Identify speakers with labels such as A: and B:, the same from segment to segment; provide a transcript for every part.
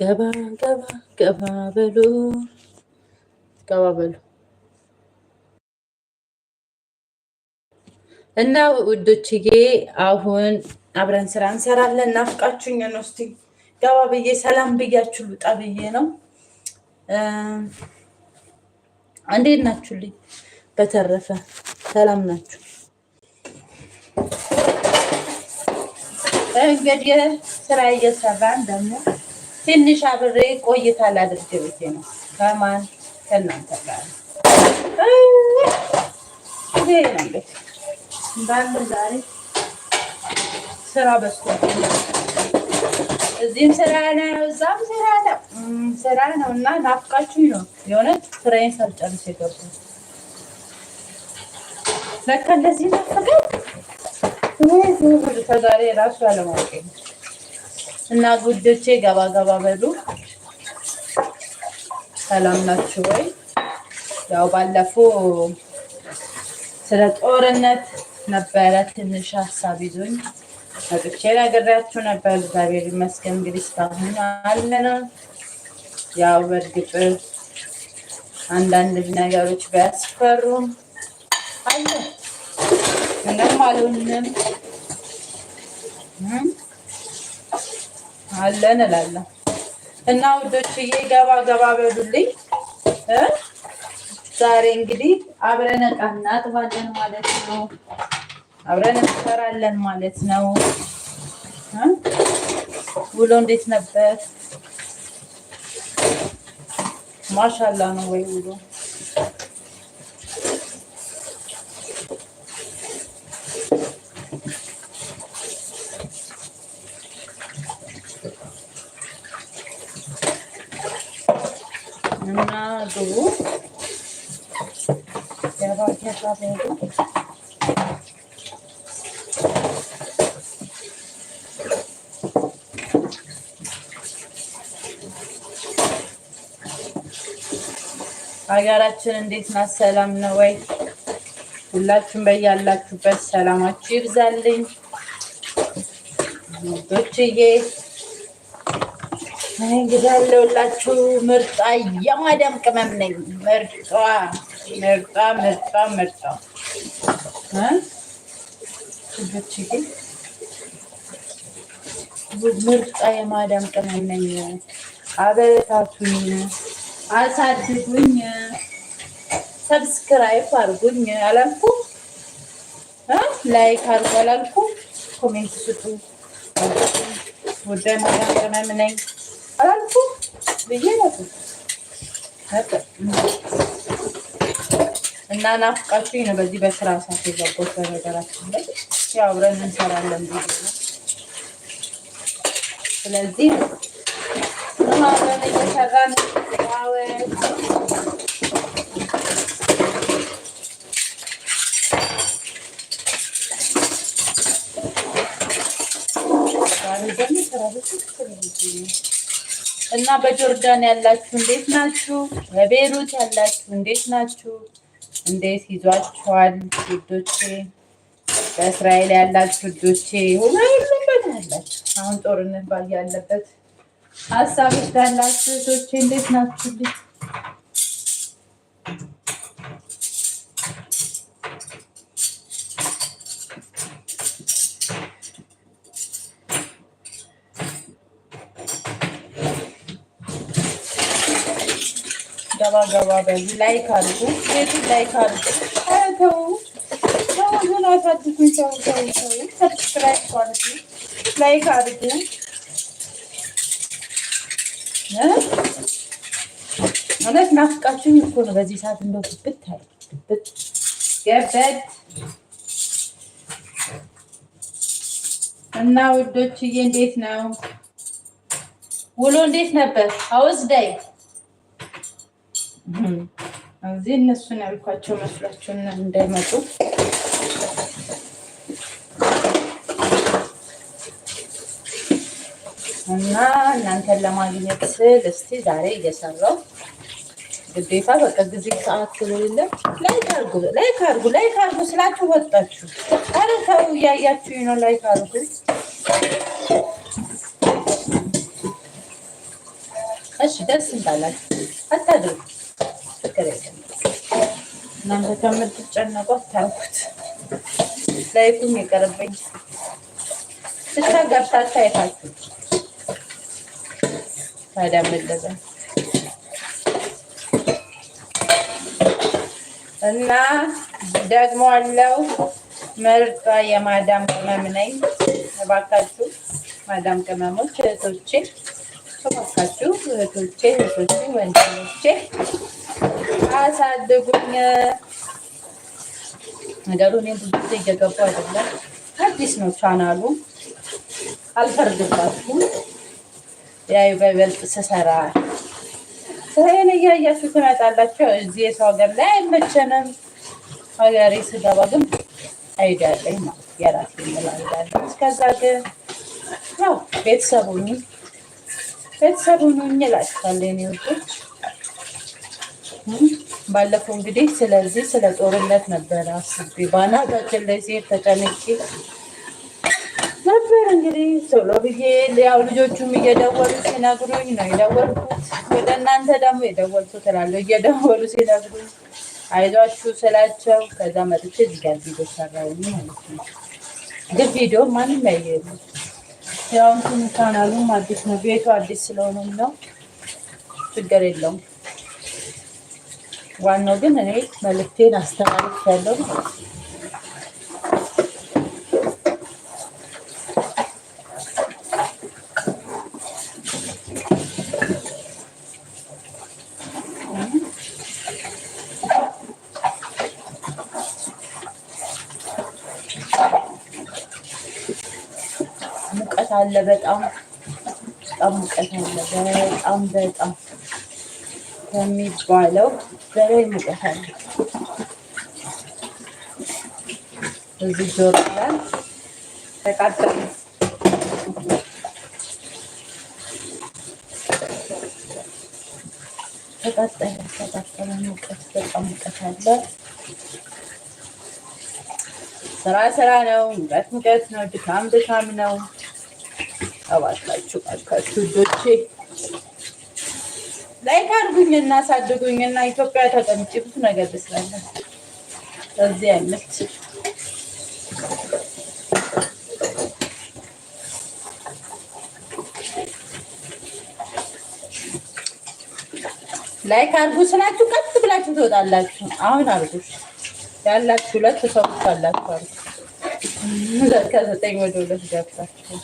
A: ገባ ገባ ገባ በሉ ገባ በሉ እና ውዶችዬ አሁን አብረን ስራ እንሰራለን። ናፍቃችሁኝ ነው። እስኪ ገባ ብዬ ሰላም ብያችሁ ልውጣ ብዬ ነው። እንዴት ናችሁልኝ? በተረፈ ሰላም ናችሁ? እንግዲህ ስራ እየሰራን ደግሞ ትንሽ አብሬ ቆይታ ላድርግ ብዬ ነው። ከማን ከእናንተ ጋር ይሄ ነው ዛሬ ስራ በዝቶ እዚህም ስራ ነው፣ እዛም ስራ ነው፣ ስራ ነው እና ናፍቃችሁኝ ነው የእውነት ስራዬን ሳልጨርስ የገባሁት። ለካ እንደዚህ ናፍቀን ተዛሬ ራሱ አለማወቅ ነው እና ጉዶቼ ገባ ገባ በሉ። ሰላም ናችሁ ወይ? ያው ባለፈው ስለ ጦርነት ነበረ ትንሽ ሀሳብ ይዞኝ መጥቼ ነግሬያችሁ ነበር። እግዚአብሔር ይመስገን እንግዲህ እስካሁን አለን። ያው በእርግጥ አንዳንድ ነገሮች ቢያስፈሩም አለ ምንም አልሆንም። አለን እላለሁ። እና ውዶችዬ ገባ ገባ በሉልኝ። ዛሬ እንግዲህ አብረን ዕቃ እናጥባለን ማለት ነው። አብረን እንሰራለን ማለት ነው። ውሎ እንዴት ነበር? ማሻላ ነው ወይ ውሎ ግቡ። ሀገራችን እንዴት ናት? ሰላም ነው ወይ? ሁላችሁም በያላችሁበት ሰላማችሁ ይብዛልኝ ውዶችዬ። እንግዲህ አለሁላችሁ። ምርጧ የማዳም ቅመም ነኝ። ምርጧ ምርጧ ምርጧ ምርጧ ምርጧ የማዳም ቅመም ነኝ። አበረታቱኝ፣ አሳድጉኝ፣ ሰብስክራይብ አላልኩ? ላይክ አድርጉ አላልኩ? ኮሜንት ስጡ። ወደ ማዳም ቅመም ነኝ። አላልኩም ብዬ እና ናፍቃችሁ ነው። በዚህ በስራ ሰዓት የገባሁት በነገራችን ላይ ያው አብረን እንሰራለን ብዬ ነው። ስለዚህ አብረን እየሰራን ደግሞ ስራ እና በጆርዳን ያላችሁ እንዴት ናችሁ? በቤሩት ያላችሁ እንዴት ናችሁ? እንዴት ይዟችኋል ውዶቼ? በእስራኤል ያላችሁ ውዶቼ ሁሉም ቦታ ያላችሁ አሁን ጦርነት ባያለበት ሀሳቦች ያላችሁ ውዶቼ እንዴት ናችሁ? ገባ ገባ በሉ። ላይክ አድርጉ፣ ቤቱ ላይክ አድርጉ። ተው ተው ምን አሳድጉኝ። ተው ተው ተው፣ ሰብስክራይብ አድርጉ፣ ላይክ አድርጉ። እውነት ናፍቃችሁኝ እኮ ነው። በዚህ ሰዓት እንደው ብት ብት ገበድ እና ውዶችዬ እንዴት ነው ውሎ? እንዴት ነበር? አውዝ ዳይ እዚህ እነሱን ያልኳቸው መስሏቸው እንዳይመጡ እና እናንተን ለማግኘት ስል እስቲ ዛሬ እየሰራው ግዴታ በቃ ጊዜ ሰዓት ስለሌለ ላይክ አርጉ፣ ላይክ አርጉ፣ ላይክ አርጉ ስላችሁ ወጣችሁ። ኧረ ተው እያያችሁኝ ነው። ላይክ አርጉ። እሺ ደስ እንዳላችሁ አታድርጉ ችግር የለም። እናንተ ከምትጨነቁ አታውቁት። ላይኩም የቀረበኝ ብቻ ገብታችሁ አይታችሁ ታዲያ መለዘ እና ደግሞ አለው ምርጧ የማዳም ቅመም ነኝ። እባካችሁ ማዳም ቅመሞች እህቶቼ፣ እባካችሁ እህቶቼ፣ እህቶቼ፣ ወንድሞቼ አሳድጉኝ። ነገሩ እኔም ብዙ ጊዜ እየገቡ አይደለም፣ አዲስ ነው ቻናሉ። አልፈርድባችሁም። ያዩ በይበልጥ ስሰራ ስራዬን እያያችሁ ትመጣላችሁ። እዚህ የሰው ሀገር ላይ አይመቸንም። ሀገሬ ስገባ ግን አይዳለኝ ማለት የራሴ ምላለ እስከዛ ግን ያው ቤተሰቡኝ ቤተሰቡኝ እላችኋለሁ የኔ ውዶች ባለፈው እንግዲህ ስለዚህ ስለ ጦርነት ነበረ አስቤ ባናታችን ላይ ሲሄድ ተጨንቄ ነበር። እንግዲህ ቶሎ ብዬ ያው ልጆቹም እየደወሉ ሲነግሩኝ ነው የደወልኩት። ወደ እናንተ ደግሞ የደወልኩት እላለሁ። እየደወሉ ሲነግሩኝ አይዟችሁ ስላቸው ከዛ መጥቼ እዚህ ጋር ቪዲዮ ሰራሁኝ ማለት ነው። ግን ቪዲዮ ማንም ያየሉ ያው እንትን ካናሉም አዲስ ነው ቤቱ አዲስ ስለሆነም ነው ችግር የለውም። وانو دي منيك ملتين استغالي فلو مقاس على بيت ام ام مقاس على بيت ام بيت ام كمي بايلو ዛሬ ሙቀታል እዚህ ጆሮ ላይ ተቃጠለ። ተቃጠለ ተቃጠለ። ሙቀት በጣም ሙቀት አለ። ስራ ስራ ነው። ሙቀት ሙቀት ነው። ድካም ድካም ነው። አባታችሁ እባካችሁ ዶቼ ላይክ አድርጉኝ እና አሳድጉኝ እና ኢትዮጵያ ተቀምጬ ብዙ ነገር ትስላለህ። እዚህ አይነት ላይክ አድርጉ ስላችሁ ቀጥ ብላችሁ ትወጣላችሁ። አሁን አድርጉ ያላችሁ ሁለት ሰዎች አላችሁ አድርጉ ከዘጠኝ ወደ ሁለት ገብታችሁ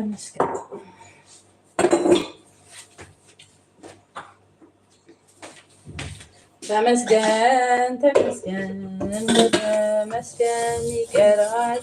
A: ይመስገን። ተመስገን ተመስገን ተመስገን ይቀራል።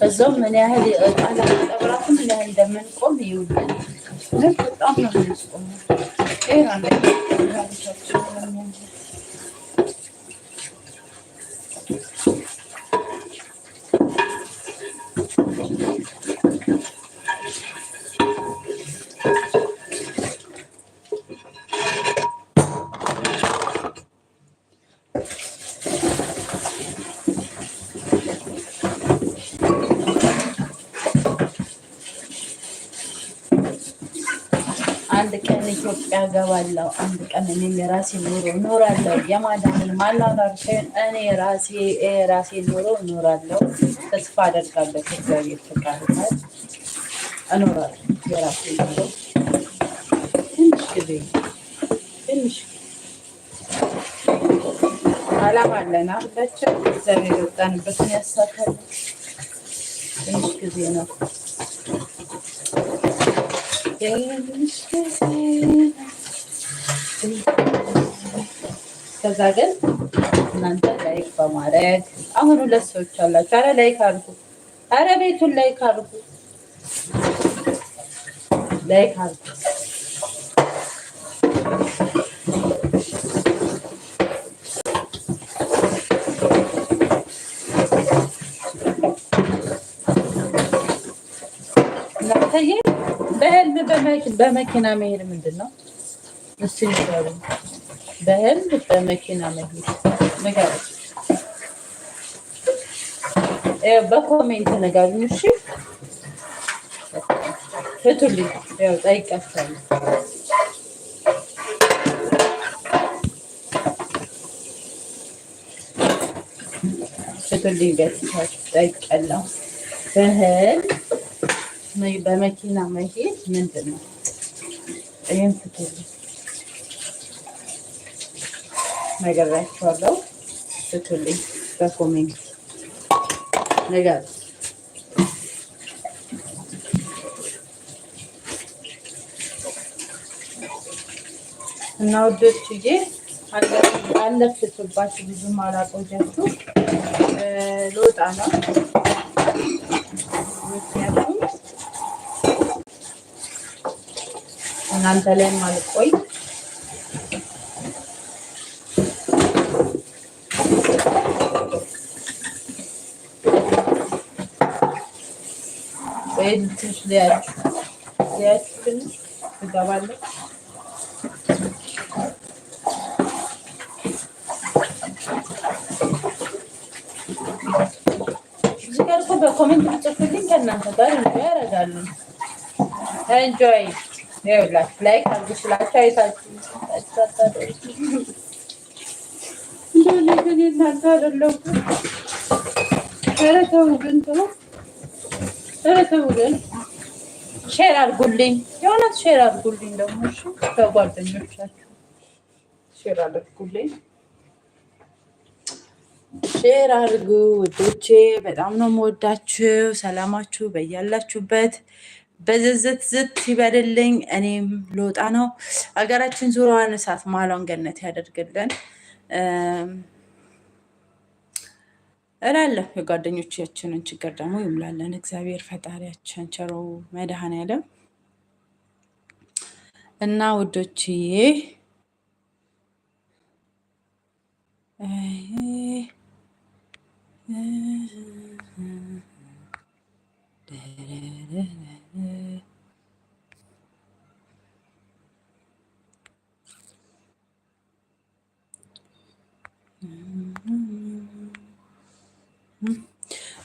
A: በዛውም እኔ ያህል ጠብራቱም ምን ያህል እንደምንቆም ይውል በጣም ነው ምንስቆም ይሄ አንደኛ ኢትዮጵያ ገባለው አንድ ቀን እኔም የራሴ ኑሮ እኖራለሁ። የማዳምን ማናጋርሽን እኔ ራሴ የራሴ ኑሮ እኖራለሁ። ተስፋ አደርጋለሁ እግዚአብሔር ፈቃድነት እኖራለሁ የራሴ ኑሮ። ትንሽ ጊዜ ትንሽ አላማ አለና አለችን። እግዚአብሔር የወጣንበትን ያሳካል። ትንሽ ጊዜ ነው። እስከዛ ግን እናንተ ላይክ በማድረግ አሁን ሁለት ሰዎች አላችሁ። አረ ላይክ አድርጉ። አረ ቤቱን ላይክ አድርጉ። ላይክ አድርጉ። በህልም በመኪና መሄድ ምንድን ነው? እስኪ በህልም በመኪና መሄድ ንገረች። በኮሜንት ነጋሪኝ። እሺ ፍቱልኝ፣ ያው ጠይቃቸዋለሁ። ፍቱልኝ ገጽታችሁ ጠይቃለሁ። በህልም በመኪና መሄድ ምንድን ነው? ይህም ፍቱልኝ ነገራችኋለሁ። ስትልኝ በኮሜንት ነገር እና ዬ አለፍትባችሁ ብዙም አላቆያችሁ ልወጣ ነው። ምክንያቱም እናንተ ላይም አልቆይ ቤት ትንሽ ሊያችሁ ሊያችሁ ትንሽ እገባለሁ። እዚህ ጋር እኮ በኮሜንት ብጽፉልኝ ከእናንተ ጋር እንጆይ ያደርጋሉ። እንጆይ ይኸውላችሁ ላይክ አድርጉ ስላችሁ አይታችሁ ግን የእናንተ አይደለሁም። ኧረ ተው ግን ተው ተረተው ግን ሼር አድርጉልኝ፣ የእውነት ሼር አድርጉልኝ። ደግሞ እሺ ከጓደኞቻችሁ ሼር አድርጉልኝ፣ ሼር አድርጉ ውዶቼ። በጣም ነው የምወዳችሁ። ሰላማችሁ በያላችሁበት በዝዝት ዝት ይበልልኝ። እኔም ልወጣ ነው። ሀገራችን ዙሪያዋን እሳት ማለውን ገነት ያደርግልን። እላለሁ። የጓደኞቻችንን ችግር ደግሞ ይሙላለን እግዚአብሔር ፈጣሪያችን ቸሮ መድኃኔዓለም እና ውዶችዬ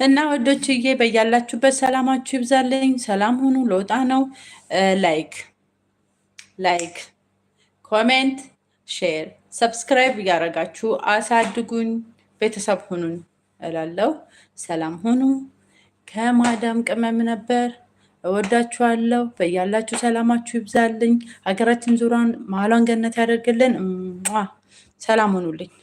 A: እና ወዶችዬ በያላችሁበት ሰላማችሁ ይብዛልኝ። ሰላም ሁኑ። ለወጣ ነው። ላይክ ላይክ፣ ኮሜንት፣ ሼር፣ ሰብስክራይብ እያደረጋችሁ አሳድጉኝ፣ ቤተሰብ ሁኑን እላለሁ። ሰላም ሁኑ። ከማዳም ቅመም ነበር። እወዳችኋለሁ። በያላችሁ ሰላማችሁ ይብዛልኝ። ሀገራችን ዙሯን መሀሏን ገነት ያደርግልን። ሰላም ሁኑልኝ።